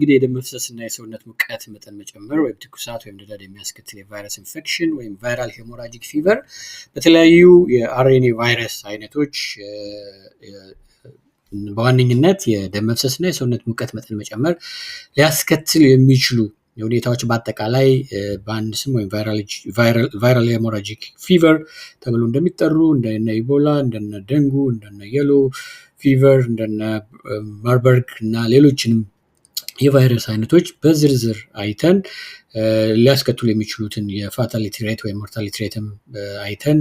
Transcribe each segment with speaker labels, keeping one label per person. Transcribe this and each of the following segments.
Speaker 1: እንግዲህ የደም እና የሰውነት ሙቀት መጠን መጨመር ወይም ትኩሳት ወይም ደዳድ የሚያስከትል የቫይረስ ኢንፌክሽን ወይም ቫይራል ሄሞራጂክ ፊቨር በተለያዩ የአርኤንኤ ቫይረስ አይነቶች በዋነኝነት የደም እና የሰውነት ሙቀት መጠን መጨመር ሊያስከትል የሚችሉ ሁኔታዎች በአጠቃላይ በአንድ ስም ወይም ቫይራል ሄሞራጂክ ፊቨር ተብሎ እንደሚጠሩ እንደነ ኢቦላ፣ እንደነ ደንጉ፣ እንደነ የሎ ፊቨር፣ እንደነ ማርበርግ እና ሌሎችንም የቫይረስ አይነቶች በዝርዝር አይተን ሊያስከትሉ የሚችሉትን የፋታሊቲ ሬት ወይም ሞርታሊቲ ሬትም አይተን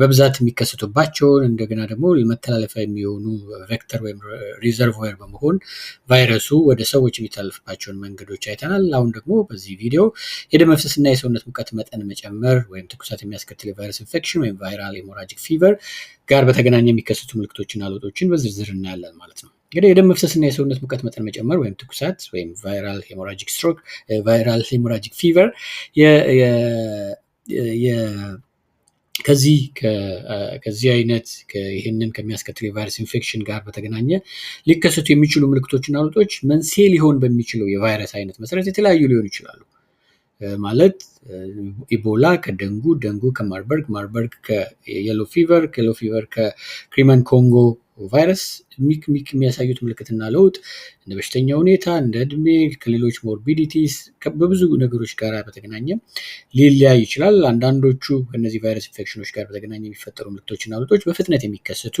Speaker 1: በብዛት የሚከሰቱባቸውን እንደገና ደግሞ መተላለፊያ የሚሆኑ ቬክተር ወይም ሪዘርቮየር በመሆን ቫይረሱ ወደ ሰዎች የሚተላለፍባቸውን መንገዶች አይተናል። አሁን ደግሞ በዚህ ቪዲዮ የደም እና የሰውነት ሙቀት መጠን መጨመር ወይም ትኩሳት የሚያስከትል የቫይረስ ኢንፌክሽን ወይም ቫይራል ሄሞራጂክ ፊቨር ጋር በተገናኘ የሚከሰቱ ምልክቶችና ለውጦችን በዝርዝር እናያለን ማለት ነው። እንግዲህ የደም መፍሰስና የሰውነት ሙቀት መጠን መጨመር ወይም ትኩሳት ወይም ቫይራል ሄሞራጂክ ስትሮክ፣ ቫይራል ሄሞራጂክ ፊቨር ከዚህ ከዚህ አይነት ይህንን ከሚያስከትለው የቫይረስ ኢንፌክሽን ጋር በተገናኘ ሊከሰቱ የሚችሉ ምልክቶችና ለውጦች መንስኤ ሊሆን በሚችለው የቫይረስ አይነት መሰረት የተለያዩ ሊሆኑ ይችላሉ። ማለት ኢቦላ ከደንጉ፣ ደንጉ ከማርበርግ፣ ማርበርግ ከየሎ ፊቨር፣ ከሎ ፊቨር ከክሪመን ኮንጎ ቫይረስ ሚክ የሚያሳዩት ምልክትና ለውጥ እንደ በሽተኛ ሁኔታ፣ እንደ እድሜ፣ ከሌሎች ሞርቢዲቲስ በብዙ ነገሮች ጋር በተገናኘ ሊለያይ ይችላል። አንዳንዶቹ ከእነዚህ ቫይረስ ኢንፌክሽኖች ጋር በተገናኘ የሚፈጠሩ ምልክቶችና ለውጦች በፍጥነት የሚከሰቱ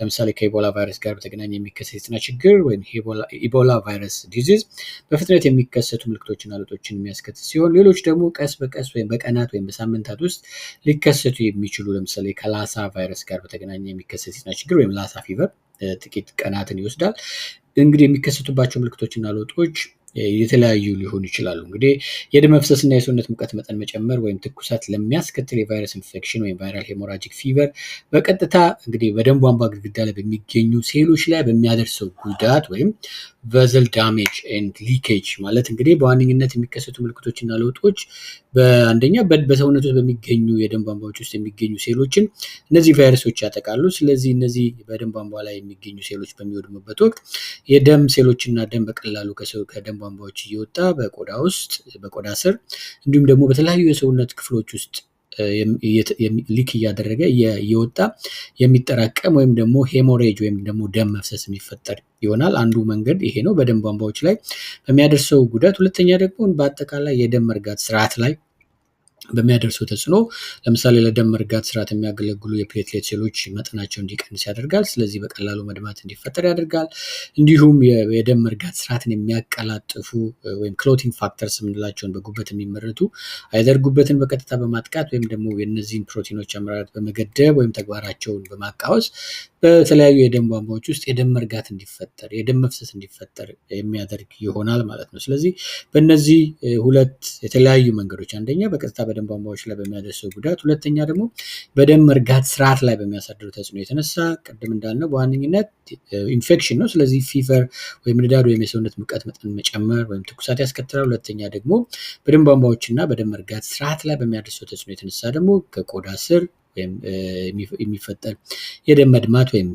Speaker 1: ለምሳሌ ከኢቦላ ቫይረስ ጋር በተገናኘ የሚከሰት የጤና ችግር ወይም ኢቦላ ቫይረስ ዲዚዝ በፍጥነት የሚከሰቱ ምልክቶችና ለውጦችን የሚያስከትል ሲሆን ሌሎች ደግሞ ቀስ በቀስ ወይም በቀናት ወይም በሳምንታት ውስጥ ሊከሰቱ የሚችሉ ለምሳሌ ከላሳ ቫይረስ ጋር በተገናኘ የሚከሰት የጤና ችግር ወይም ላሳ ፊቨር ጥቂት ቀናትን ይወስዳል። እንግዲህ የሚከሰቱባቸው ምልክቶችና ለውጦች የተለያዩ ሊሆኑ ይችላሉ። እንግዲህ የደም መፍሰስና የሰውነት ሙቀት መጠን መጨመር ወይም ትኩሳት ለሚያስከትል የቫይረስ ኢንፌክሽን ወይም ቫይራል ሄሞራጂክ ፊቨር በቀጥታ እንግዲህ በደንብ አንባ ግድግዳ ላይ በሚገኙ ሴሎች ላይ በሚያደርሰው ጉዳት ወይም ቨዘል ዳሜጅ ኤንድ ሊኬጅ ማለት እንግዲህ በዋነኝነት የሚከሰቱ ምልክቶችና ለውጦች በአንደኛ በሰውነት ውስጥ በሚገኙ የደንብ አንባዎች ውስጥ የሚገኙ ሴሎችን እነዚህ ቫይረሶች ያጠቃሉ። ስለዚህ እነዚህ በደንብ አንባ ላይ የሚገኙ ሴሎች በሚወድሙበት ወቅት የደም ሴሎችና ደም በቀላሉ ከደም ከደም ቧንቧዎች እየወጣ በቆዳ ውስጥ በቆዳ ስር እንዲሁም ደግሞ በተለያዩ የሰውነት ክፍሎች ውስጥ ሊክ እያደረገ እየወጣ የሚጠራቀም ወይም ደግሞ ሄሞሬጅ ወይም ደግሞ ደም መፍሰስ የሚፈጠር ይሆናል። አንዱ መንገድ ይሄ ነው፣ በደም ቧንቧዎች ላይ በሚያደርሰው ጉዳት። ሁለተኛ ደግሞ በአጠቃላይ የደም መርጋት ስርዓት ላይ በሚያደርሰው ተጽዕኖ ለምሳሌ ለደም መርጋት ስርዓት የሚያገለግሉ የፕሌትሌት ሴሎች መጠናቸው እንዲቀንስ ያደርጋል። ስለዚህ በቀላሉ መድማት እንዲፈጠር ያደርጋል። እንዲሁም የደም መርጋት ስርዓትን የሚያቀላጥፉ ወይም ክሎቲንግ ፋክተርስ የምንላቸውን በጉበት የሚመረቱ አይደር ጉበትን በቀጥታ በማጥቃት ወይም ደግሞ የነዚህን ፕሮቲኖች አመራረት በመገደብ ወይም ተግባራቸውን በማቃወስ በተለያዩ የደም ቧንቧዎች ውስጥ የደም መርጋት እንዲፈጠር የደም መፍሰስ እንዲፈጠር የሚያደርግ ይሆናል ማለት ነው። ስለዚህ በእነዚህ ሁለት የተለያዩ መንገዶች አንደኛ በቀጥታ በደም ቧንቧዎች ላይ በሚያደርሰው ጉዳት፣ ሁለተኛ ደግሞ በደም መርጋት ስርዓት ላይ በሚያሳድሩ ተጽዕኖ የተነሳ ቅድም እንዳልነው በዋነኝነት ኢንፌክሽን ነው። ስለዚህ ፊቨር ወይም ንዳድ ወይም የሰውነት ሙቀት መጠን መጨመር ወይም ትኩሳት ያስከትላል። ሁለተኛ ደግሞ በደም ቧንቧዎችና በደም መርጋት ስርዓት ላይ በሚያደርሰው ተጽዕኖ የተነሳ ደግሞ ከቆዳ ስር የሚፈጠር የደም መድማት ወይም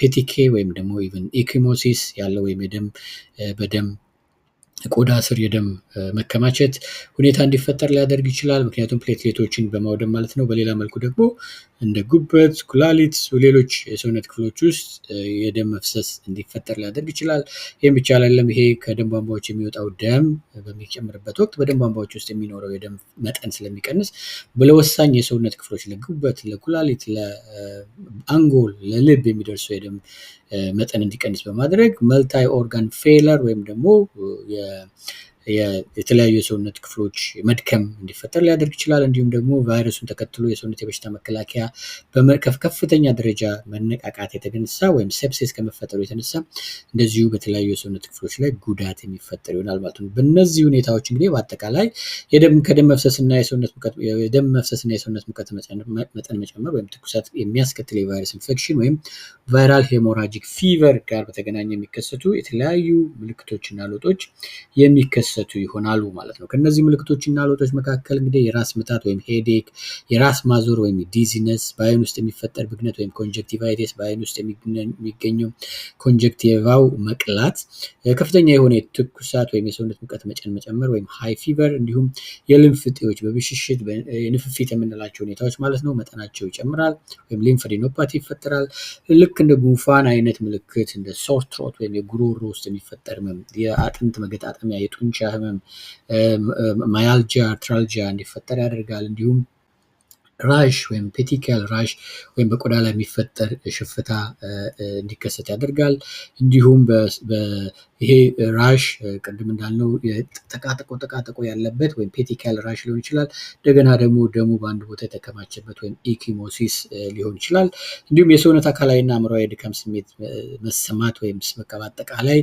Speaker 1: ፔቲኬ ወይም ደግሞ ኢቨን ኢኪሞሲስ ያለው ወይም የደም በደም ቆዳ ስር የደም መከማቸት ሁኔታ እንዲፈጠር ሊያደርግ ይችላል። ምክንያቱም ፕሌትሌቶችን በማውደም ማለት ነው። በሌላ መልኩ ደግሞ እንደ ጉበት፣ ኩላሊት፣ ሌሎች የሰውነት ክፍሎች ውስጥ የደም መፍሰስ እንዲፈጠር ሊያደርግ ይችላል። ይህም ብቻ አይደለም። ይሄ ከደም ቧንቧዎች የሚወጣው ደም በሚጨምርበት ወቅት በደም ቧንቧዎች ውስጥ የሚኖረው የደም መጠን ስለሚቀንስ ለወሳኝ የሰውነት ክፍሎች ለጉበት፣ ለኩላሊት፣ ለአንጎል፣ ለልብ የሚደርሰው የደም መጠን እንዲቀንስ በማድረግ መልታይ ኦርጋን ፌለር ወይም ደግሞ የተለያዩ የሰውነት ክፍሎች መድከም እንዲፈጠር ሊያደርግ ይችላል። እንዲሁም ደግሞ ቫይረሱን ተከትሎ የሰውነት የበሽታ መከላከያ ከፍተኛ ደረጃ መነቃቃት የተነሳ ወይም ሴፕሲስ ከመፈጠሩ የተነሳ እንደዚሁ በተለያዩ የሰውነት ክፍሎች ላይ ጉዳት የሚፈጠር ይሆናል ማለት ነው። በእነዚህ ሁኔታዎች እንግዲህ በአጠቃላይ ከደም መፍሰስና የደም መፍሰስና የሰውነት ሙቀት መጠን መጨመር ወይም ትኩሳት የሚያስከትል የቫይረስ ኢንፌክሽን ወይም ቫይራል ሄሞራጂክ ፊቨር ጋር በተገናኘ የሚከሰቱ የተለያዩ ምልክቶችና ለውጦች የሚከሰ የሚከሰቱ ይሆናሉ ማለት ነው። ከእነዚህ ምልክቶችና ለውጦች መካከል እንግዲህ የራስ ምታት ወይም ሄዴክ፣ የራስ ማዞር ወይም ዲዚነስ፣ በአይን ውስጥ የሚፈጠር ብግነት ወይም ኮንጀክቲቫይቲስ፣ በአይን ውስጥ የሚገኘው ኮንጀክቲቫው መቅላት፣ ከፍተኛ የሆነ የትኩሳት ወይም የሰውነት ሙቀት መጨን መጨመር ወይም ሃይ ፊቨር፣ እንዲሁም የልምፍ እጢዎች በብሽሽት ንፍፊት የምንላቸው ሁኔታዎች ማለት ነው መጠናቸው ይጨምራል ወይም ሊምፈዲኖፓቲ ይፈጠራል። ልክ እንደ ጉንፋን አይነት ምልክት እንደ ሶርትሮት ወይም የጉሮሮ ውስጥ የሚፈጠር የአጥንት መገጣጠሚያ የጡንቻ ህመም፣ ማያልጃ አርትራልጃ እንዲፈጠር ያደርጋል። እንዲሁም ራሽ ወይም ፔቲካል ራሽ ወይም በቆዳ ላይ የሚፈጠር ሽፍታ እንዲከሰት ያደርጋል። እንዲሁም ይሄ ራሽ ቅድም እንዳልነው ጥቃጥቆ ጥቃጥቆ ያለበት ወይም ፔቲካል ራሽ ሊሆን ይችላል። እንደገና ደግሞ ደሙ በአንድ ቦታ የተከማቸበት ወይም ኢኪሞሲስ ሊሆን ይችላል። እንዲሁም የሰውነት አካላዊና አእምሯዊ የድካም ስሜት መሰማት ወይም በቃ በአጠቃላይ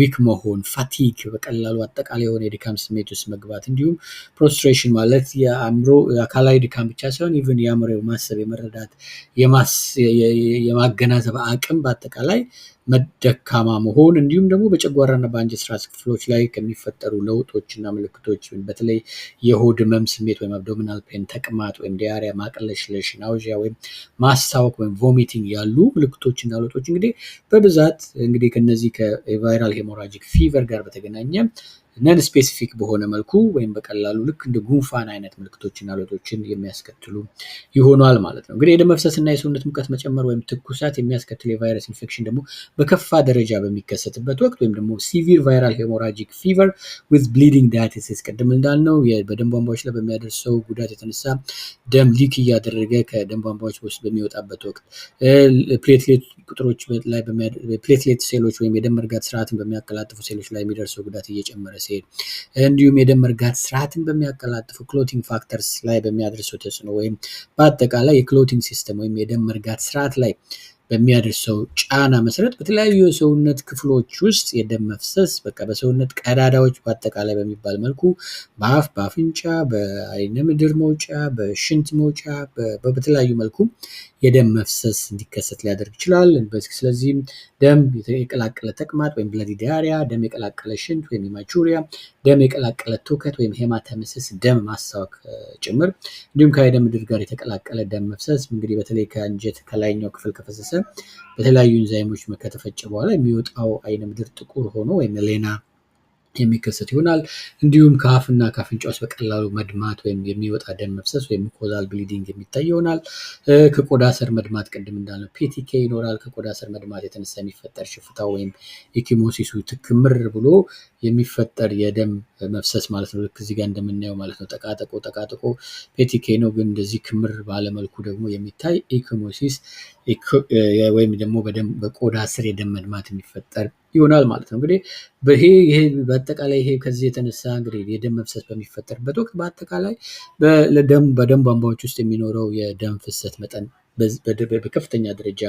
Speaker 1: ዊክ መሆን ፋቲግ፣ በቀላሉ አጠቃላይ የሆነ የድካም ስሜት ውስጥ መግባት እንዲሁም ፕሮስትሬሽን ማለት የአእምሮ አካላዊ ድካም ብቻ ሳይሆን ኢቨን የአእምሮ የማሰብ የመረዳት የማገናዘብ አቅም በአጠቃላይ መደካማ መሆን እንዲሁም ደግሞ በጨጓራና በአንጀት ስራ ክፍሎች ላይ ከሚፈጠሩ ለውጦችና ምልክቶች በተለይ የሆድ መም ስሜት ወይም አብዶሚናል ፔን፣ ተቅማጥ ወይም ዲያሪያ፣ ማቅለሽለሽ፣ ናውዣ ወይም ማስታወክ ወይም ቮሚቲንግ ያሉ ምልክቶችና ለውጦች እንግዲህ በብዛት እንግዲህ ከነዚህ ከቫይራል ሄሞራጂክ ፊቨር ጋር በተገናኘ ነን ስፔሲፊክ በሆነ መልኩ ወይም በቀላሉ ልክ እንደ ጉንፋን አይነት ምልክቶችና ለውጦችን የሚያስከትሉ ይሆኗል ማለት ነው። እንግዲህ የደም እና የሰውነት ሙቀት መጨመር ወይም ትኩሳት የሚያስከትል የቫይረስ ኢንፌክሽን ደግሞ በከፋ ደረጃ በሚከሰትበት ወቅት ወይም ደግሞ ሲቪር ቫይራል ሄሞራጂክ ፊቨር ዊዝ ብሊዲንግ ዳያቲሲስ ቅድም እንዳልነው በደም ቧንቧዎች ላይ በሚያደርሰው ጉዳት የተነሳ ደም ሊክ እያደረገ ከደም ቧንቧዎች ውስጥ በሚወጣበት ወቅት ፕሌትሌት ቁጥሮች ላይ ፕሌትሌት ሴሎች ወይም የደም መርጋት ስርዓትን በሚያቀላጥፉ ሴሎች ላይ የሚደርሰው ጉዳት እየጨመረ ሲሄድ እንዲሁም የደም መርጋት ስርዓትን በሚያቀላጥፉ ክሎቲንግ ፋክተርስ ላይ በሚያደርሰው ተጽዕኖ ወይም በአጠቃላይ የክሎቲንግ ሲስተም ወይም የደም መርጋት ስርዓት ላይ በሚያደርሰው ጫና መሰረት በተለያዩ የሰውነት ክፍሎች ውስጥ የደም መፍሰስ በቃ በሰውነት ቀዳዳዎች በአጠቃላይ በሚባል መልኩ በአፍ፣ በአፍንጫ፣ በአይነ ምድር መውጫ፣ በሽንት መውጫ በተለያዩ መልኩ የደም መፍሰስ እንዲከሰት ሊያደርግ ይችላል። ስለዚህም ደም የቀላቀለ ተቅማጥ ወይም ብለዲ ዲያሪያ፣ ደም የቀላቀለ ሽንት ወይም ሄማቹሪያ፣ ደም የቀላቀለ ትውከት ወይም ሄማተምስስ፣ ደም ማስታወክ ጭምር እንዲሁም ከደም ምድር ጋር የተቀላቀለ ደም መፍሰስ እንግዲህ በተለይ ከአንጀት ከላይኛው ክፍል ከፈሰሰ በተለያዩ ኢንዛይሞች ከተፈጨ በኋላ የሚወጣው አይነ ምድር ጥቁር ሆኖ ወይም ሌና የሚከሰት ይሆናል። እንዲሁም ከአፍና ከአፍንጫ ውስጥ በቀላሉ መድማት ወይም የሚወጣ ደም መፍሰስ ወይም ኮዛል ብሊዲንግ የሚታይ ይሆናል። ከቆዳ ስር መድማት ቅድም እንዳለው ፒቲኬ ይኖራል። ከቆዳ ስር መድማት የተነሳ የሚፈጠር ሽፍታ ወይም ኢኪሞሲሱ ትክምር ብሎ የሚፈጠር የደም መፍሰስ ማለት ነው። ልክ እዚህ ጋር እንደምናየው ማለት ነው። ጠቃጠቆ ጠቃጠቆ ፔቲኬ ነው፣ ግን እንደዚህ ክምር ባለመልኩ ደግሞ የሚታይ ኢኪሞሲስ ወይም ደግሞ በቆዳ ስር የደም መድማት የሚፈጠር ይሆናል ማለት ነው። እንግዲህ ይሄ ይሄ በአጠቃላይ ይሄ ከዚህ የተነሳ እንግዲህ የደም መፍሰስ በሚፈጠርበት ወቅት በአጠቃላይ በደም ቧንቧዎች ውስጥ የሚኖረው የደም ፍሰት መጠን በከፍተኛ ደረጃ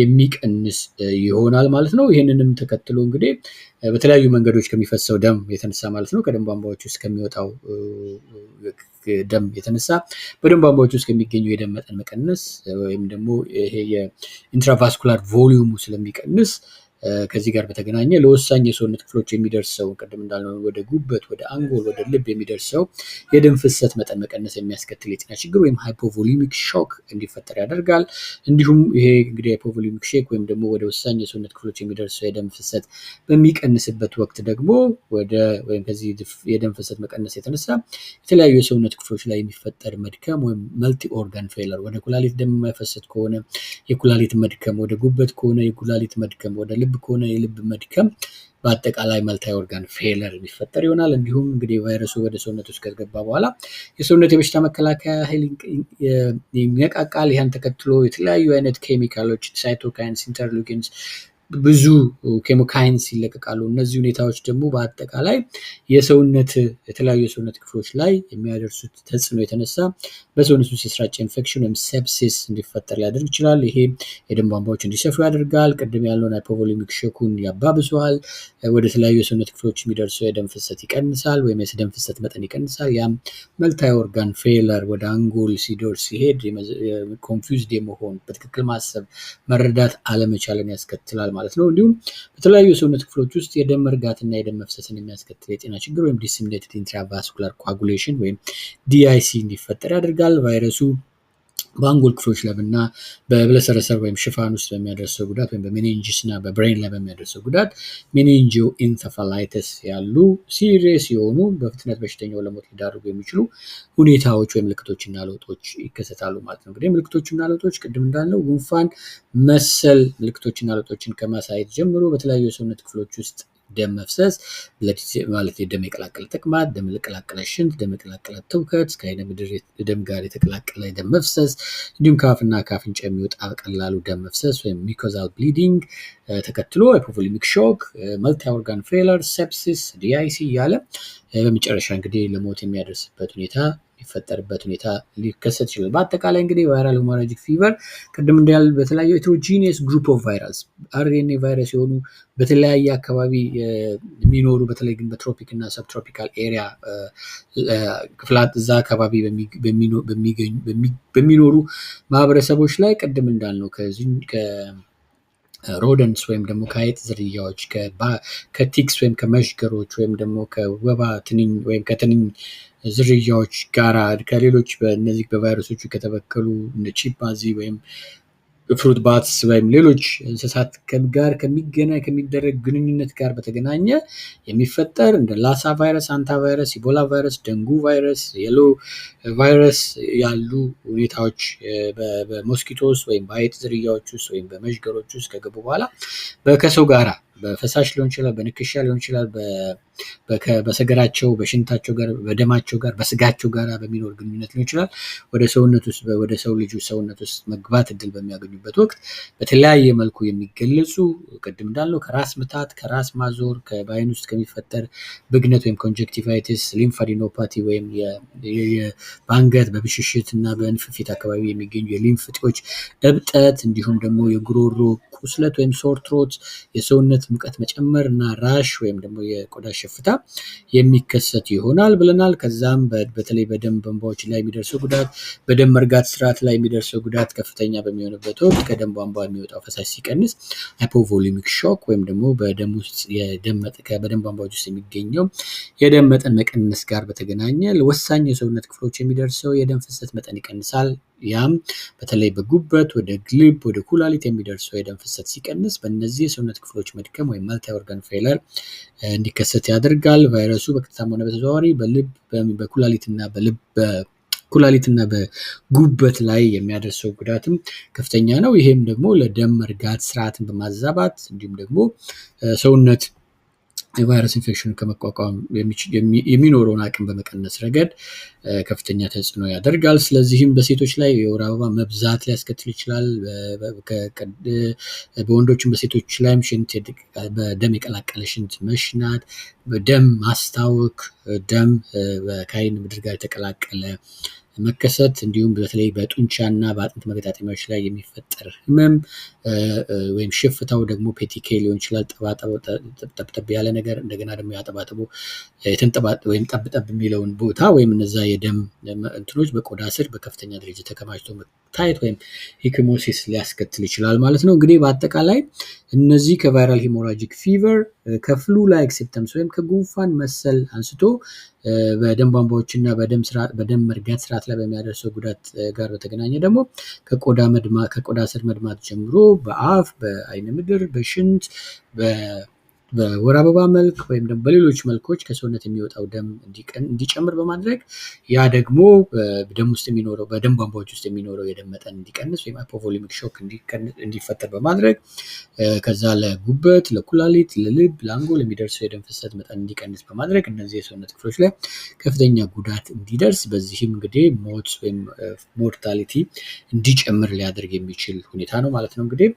Speaker 1: የሚቀንስ ይሆናል ማለት ነው። ይህንንም ተከትሎ እንግዲህ በተለያዩ መንገዶች ከሚፈሰው ደም የተነሳ ማለት ነው ከደም ቧንቧዎች ውስጥ ከሚወጣው ደም የተነሳ በደም ቧንቧዎች ውስጥ ከሚገኙ የደም መጠን መቀነስ ወይም ደግሞ ይሄ የኢንትራቫስኩላር ቮሊዩሙ ስለሚቀንስ ከዚህ ጋር በተገናኘ ለወሳኝ የሰውነት ክፍሎች የሚደርሰው ቅድም እንዳልነው ወደ ጉበት፣ ወደ አንጎል፣ ወደ ልብ የሚደርሰው የደም ፍሰት መጠን መቀነስ የሚያስከትል የጤና ችግር ወይም ሃይፖቮሊሚክ ሾክ እንዲፈጠር ያደርጋል። እንዲሁም ይሄ እንግዲህ ሃይፖቮሊሚክ ሼክ ወይም ደግሞ ወደ ወሳኝ የሰውነት ክፍሎች የሚደርሰው የደም ፍሰት በሚቀንስበት ወቅት ደግሞ ወደ ወይም ከዚህ የደም ፍሰት መቀነስ የተነሳ የተለያዩ የሰውነት ክፍሎች ላይ የሚፈጠር መድከም ወይም መልቲ ኦርጋን ፌለር ወደ ኩላሊት ደም የማይፈሰት ከሆነ የኩላሊት መድከም፣ ወደ ጉበት ከሆነ የኩላሊት መድከም፣ ወደ ልብ የልብ ከሆነ የልብ መድከም በአጠቃላይ መልታዊ ኦርጋን ፌለር የሚፈጠር ይሆናል። እንዲሁም እንግዲህ ቫይረሱ ወደ ሰውነት ውስጥ ከገባ በኋላ የሰውነት የበሽታ መከላከያ ኃይል ይነቃቃል። ይህን ተከትሎ የተለያዩ አይነት ኬሚካሎች ሳይቶካይንስ፣ ኢንተርሉኪንስ ብዙ ኬሞካይንስ ይለቀቃሉ። እነዚህ ሁኔታዎች ደግሞ በአጠቃላይ የሰውነት የተለያዩ የሰውነት ክፍሎች ላይ የሚያደርሱት ተጽዕኖ የተነሳ በሰውነት ውስጥ የስራጭ ኢንፌክሽን ወይም ሴፕሲስ እንዲፈጠር ሊያደርግ ይችላል። ይሄ የደም ቧንቧዎች እንዲሰፍሩ ያደርጋል። ቅድም ያለውን ሃይፖቮሊሚክ ሸኩን ያባብሰዋል። ወደ ተለያዩ የሰውነት ክፍሎች የሚደርሰው የደም ፍሰት ይቀንሳል፣ ወይም የደም ፍሰት መጠን ይቀንሳል። ያም መልታይ ኦርጋን ፌለር ወደ አንጎል ሲዶር ሲሄድ ኮንፊውዝድ የመሆን በትክክል ማሰብ መረዳት አለመቻለን ያስከትላል። ማለት ነው። እንዲሁም በተለያዩ የሰውነት ክፍሎች ውስጥ የደም መርጋትና የደም መፍሰስን የሚያስከትል የጤና ችግር ወይም ዲስሚኔትድ ኢንትራቫስኩላር ኳጉሌሽን ወይም ዲአይሲ እንዲፈጠር ያደርጋል። ቫይረሱ በአንጎል ክፍሎች ላይ እና በብለሰረሰር ወይም ሽፋን ውስጥ በሚያደርሰው ጉዳት ወይም በሜኔንጂስ እና በብሬን ላይ በሚያደርሰው ጉዳት ሜኔንጂዮ ኢንሰፋላይተስ ያሉ ሲሪየስ የሆኑ በፍጥነት በሽተኛው ለሞት ሊዳርጉ የሚችሉ ሁኔታዎች ወይም ምልክቶችና ለውጦች ይከሰታሉ ማለት ነው። እንግዲህ ምልክቶችና ለውጦች ቅድም እንዳለው ጉንፋን መሰል ምልክቶችና ለውጦችን ከማሳየት ጀምሮ በተለያዩ የሰውነት ክፍሎች ውስጥ ደም መፍሰስ ማለት የደም የቀላቀለ ተቅማጥ፣ ደም የቀላቀለ ሽንት፣ ደም የቀላቀለ ትውከት፣ ከዓይነ ምድር ደም ጋር የተቀላቀለ ደም መፍሰስ እንዲሁም ከአፍና ከአፍንጫ የሚወጣ ቀላሉ ደም መፍሰስ ወይም ሚኮዛል ብሊዲንግ ተከትሎ ሃይፖቮሊሚክ ሾክ፣ መልቲ ኦርጋን ፌለር፣ ሴፕሲስ፣ ዲአይሲ እያለ በመጨረሻ እንግዲህ ለሞት የሚያደርስበት ሁኔታ የሚፈጠርበት ሁኔታ ሊከሰት ይችላል። በአጠቃላይ እንግዲህ ቫይራል ሄሞራጂክ ፊቨር ቅድም እንዳል በተለያዩ ሄትሮጂኒየስ ግሩፕ ኦፍ ቫይረስ አርኤንኤ ቫይረስ የሆኑ በተለያየ አካባቢ የሚኖሩ በተለይ ግን በትሮፒክ እና ሰብትሮፒካል ኤሪያ ክፍላት እዛ አካባቢ በሚኖሩ ማህበረሰቦች ላይ ቅድም እንዳልነው ሮደንስ ወይም ደግሞ ከአይጥ ዝርያዎች ከቲክስ ወይም ከመሽገሮች ወይም ደግሞ ከወባ ትንኝ ወይም ከትንኝ ዝርያዎች ጋራ ከሌሎች በእነዚህ በቫይረሶቹ ከተበከሉ እንደ ቺምፓንዚ ወይም ፍሩት ባትስ ወይም ሌሎች እንስሳት ጋር ከሚገና ከሚደረግ ግንኙነት ጋር በተገናኘ የሚፈጠር እንደ ላሳ ቫይረስ፣ አንታ ቫይረስ፣ ኢቦላ ቫይረስ፣ ደንጉ ቫይረስ፣ የሎ ቫይረስ ያሉ ሁኔታዎች በሞስኪቶስ ወይም በአይጥ ዝርያዎች ውስጥ ወይም በመዥገሮች ውስጥ ከገቡ በኋላ በከሰው ጋራ በፈሳሽ ሊሆን ይችላል፣ በንክሻ ሊሆን ይችላል፣ በሰገራቸው በሽንታቸው ጋር በደማቸው ጋር በስጋቸው ጋር በሚኖር ግንኙነት ሊሆን ይችላል። ወደ ሰውነት ውስጥ ወደ ሰው ልጁ ሰውነት ውስጥ መግባት እድል በሚያገኙበት ወቅት በተለያየ መልኩ የሚገለጹ ቅድም እንዳለው ከራስ ምታት፣ ከራስ ማዞር፣ በአይን ውስጥ ከሚፈጠር ብግነት ወይም ኮንጀክቲቫይቲስ፣ ሊምፋዲኖፓቲ ወይም በአንገት በብሽሽት እና በንፍፊት አካባቢ የሚገኙ የሊምፍ እጢዎች እብጠት እንዲሁም ደግሞ የጉሮሮ ቁስለት ወይም ሶርትሮት የሰውነት ሙቀት መጨመር እና ራሽ ወይም ደግሞ የቆዳ ሽፍታ የሚከሰት ይሆናል ብለናል። ከዛም በተለይ በደም ቧንቧዎች ላይ የሚደርሰው ጉዳት በደም መርጋት ስርዓት ላይ የሚደርሰው ጉዳት ከፍተኛ በሚሆንበት ወቅት ከደም ቧንቧ የሚወጣው ፈሳሽ ሲቀንስ ሃይፖቮሊሚክ ሾክ ወይም ደግሞ በደም ቧንቧዎች ውስጥ የሚገኘው የደም መጠን መቀነስ ጋር በተገናኘ ወሳኝ የሰውነት ክፍሎች የሚደርሰው የደም ፍሰት መጠን ይቀንሳል። ያም በተለይ በጉበት ወደ ግልብ ወደ ኩላሊት የሚደርሰው የደም ፍሰት ሲቀንስ በእነዚህ የሰውነት ክፍሎች መድከም ወይም ማልቲ ኦርጋን ፌለር እንዲከሰት ያደርጋል። ቫይረሱ በቀጥታም ሆነ በተዘዋዋሪ በልብ በኩላሊትና በልብ ኩላሊትና በጉበት ላይ የሚያደርሰው ጉዳትም ከፍተኛ ነው። ይሄም ደግሞ ለደም መርጋት ስርዓትን በማዛባት እንዲሁም ደግሞ ሰውነት የቫይረስ ኢንፌክሽን ከመቋቋም የሚኖረውን አቅም በመቀነስ ረገድ ከፍተኛ ተጽዕኖ ያደርጋል። ስለዚህም በሴቶች ላይ የወር አበባ መብዛት ሊያስከትል ይችላል። በወንዶችም በሴቶች ላይም ሽንት በደም የቀላቀለ ሽንት መሽናት ደም ማስታወክ፣ ደም በካይን ምድር ጋር የተቀላቀለ መከሰት እንዲሁም በተለይ በጡንቻ በጡንቻና በአጥንት መገጣጠሚያዎች ላይ የሚፈጠር ህመም ወይም ሽፍታው ደግሞ ፔቲኬ ሊሆን ይችላል። ጠብጠብ ያለ ነገር እንደገና ደግሞ ያጠባጥቦ ወይም ጠብጠብ የሚለውን ቦታ ወይም እነዛ የደም እንትኖች በቆዳ ስር በከፍተኛ ደረጃ ተከማችቶ መታየት ወይም ሂክሞሲስ ሊያስከትል ይችላል ማለት ነው። እንግዲህ በአጠቃላይ እነዚህ ከቫይራል ሂሞራጂክ ፊቨር ከፍሉ ላይክ ሲምፕተምስ ወይም ከጉንፋን መሰል አንስቶ በደም ቧንቧዎችና በደም መርጋት ስርዓት ላይ በሚያደርሰው ጉዳት ጋር በተገናኘ ደግሞ ከቆዳ ስር መድማት ጀምሮ በአፍ፣ በአይነ ምድር፣ በሽንት በወር አበባ መልክ ወይም ደግሞ በሌሎች መልኮች ከሰውነት የሚወጣው ደም እንዲጨምር በማድረግ ያ ደግሞ ደም ውስጥ የሚኖረው በደም ቧንቧዎች ውስጥ የሚኖረው የደም መጠን እንዲቀንስ ወይም አፖቮሊሚክ ሾክ እንዲፈጠር በማድረግ ከዛ ለጉበት፣ ለኩላሊት፣ ለልብ፣ ለአንጎል የሚደርሰው የደም ፍሰት መጠን እንዲቀንስ በማድረግ እነዚህ የሰውነት ክፍሎች ላይ ከፍተኛ ጉዳት እንዲደርስ በዚህም እንግዲህ ሞት ወይም ሞርታሊቲ እንዲጨምር ሊያደርግ የሚችል ሁኔታ ነው ማለት ነው። እንግዲህ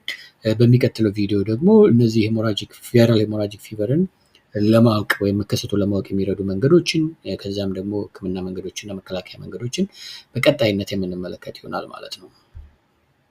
Speaker 1: በሚቀጥለው ቪዲዮ ደግሞ እነዚህ ሄሞራጂክ ፌራል ሄሞራጂክ ፊቨርን ለማወቅ ወይም መከሰቱ ለማወቅ የሚረዱ መንገዶችን ከዚያም ደግሞ ህክምና መንገዶችና መከላከያ መንገዶችን በቀጣይነት የምንመለከት ይሆናል ማለት ነው።